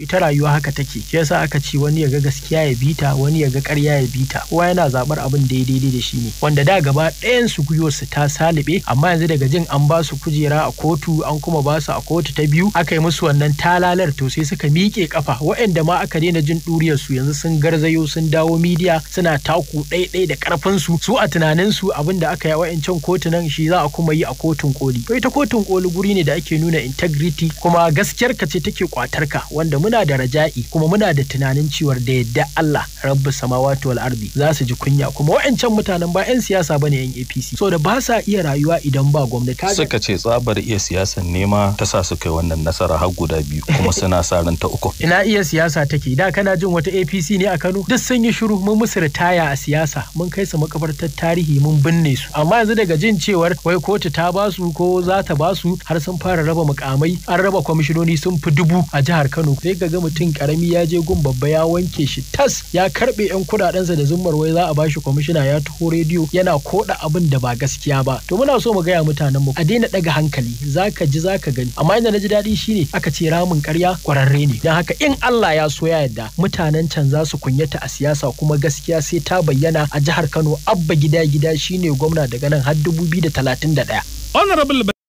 ita rayuwa haka take shi yasa aka ce wani yaga gaskiya ya bita wani yaga ga ƙarya ya bita kowa yana zabar abin da daidai da shi ne wanda da gaba ɗayan su su ta salibe amma yanzu daga jin an ba su kujera a kotu an kuma ba su a kotu ta biyu aka yi musu wannan talalar to sai suka miƙe kafa waɗanda ma aka daina jin ɗuriyar su yanzu sun garzayo sun dawo midiya suna taku ɗaiɗai da ƙarfin su su a tunanin su abin da aka yi wa'ancan kotunan shi za a kuma yi a kotun koli to ita kotun koli guri ne da ake nuna integrity kuma gaskiyar ka ce take kwatarka wanda mun muna da raja'i kuma muna da tunanin ciwar da yadda Allah rabbi samawati wal ardi za su ji kunya kuma wa'ancan mutanen ba 'yan siyasa bane 'yan APC so da ba sa iya rayuwa idan ba gwamnati suka ce tsabar iya siyasan nema ta sa su kai wannan nasara har guda biyu kuma suna sa ran ta uku ina iya siyasa take da kana jin wata APC ne a Kano duk sun yi shiru mun musu ritaya a siyasa mun kai su makabartar tarihi mun binne su amma yanzu daga jin cewar wai kotu ta ba su ko za ta ba su, har sun fara raba mukamai an raba kwamishinoni sun fi dubu a jihar Kano sai ka ga mutum karami ya je gun babba ya wanke shi tas ya karbe yan sa da zummar wai za a bashi kwamishina ya taho rediyo yana koda abin da ba gaskiya ba to muna so mu gaya mutanen mu a daina daga hankali zaka ji zaka gani amma inda naji daɗi shine aka ce ramin ƙarya kwararre ne dan haka in Allah ya so ya yarda mutanen can za su kunyata a siyasa kuma gaskiya sai ta bayyana a jihar Kano abba gida gida shine gwamna daga nan har 2031 honorable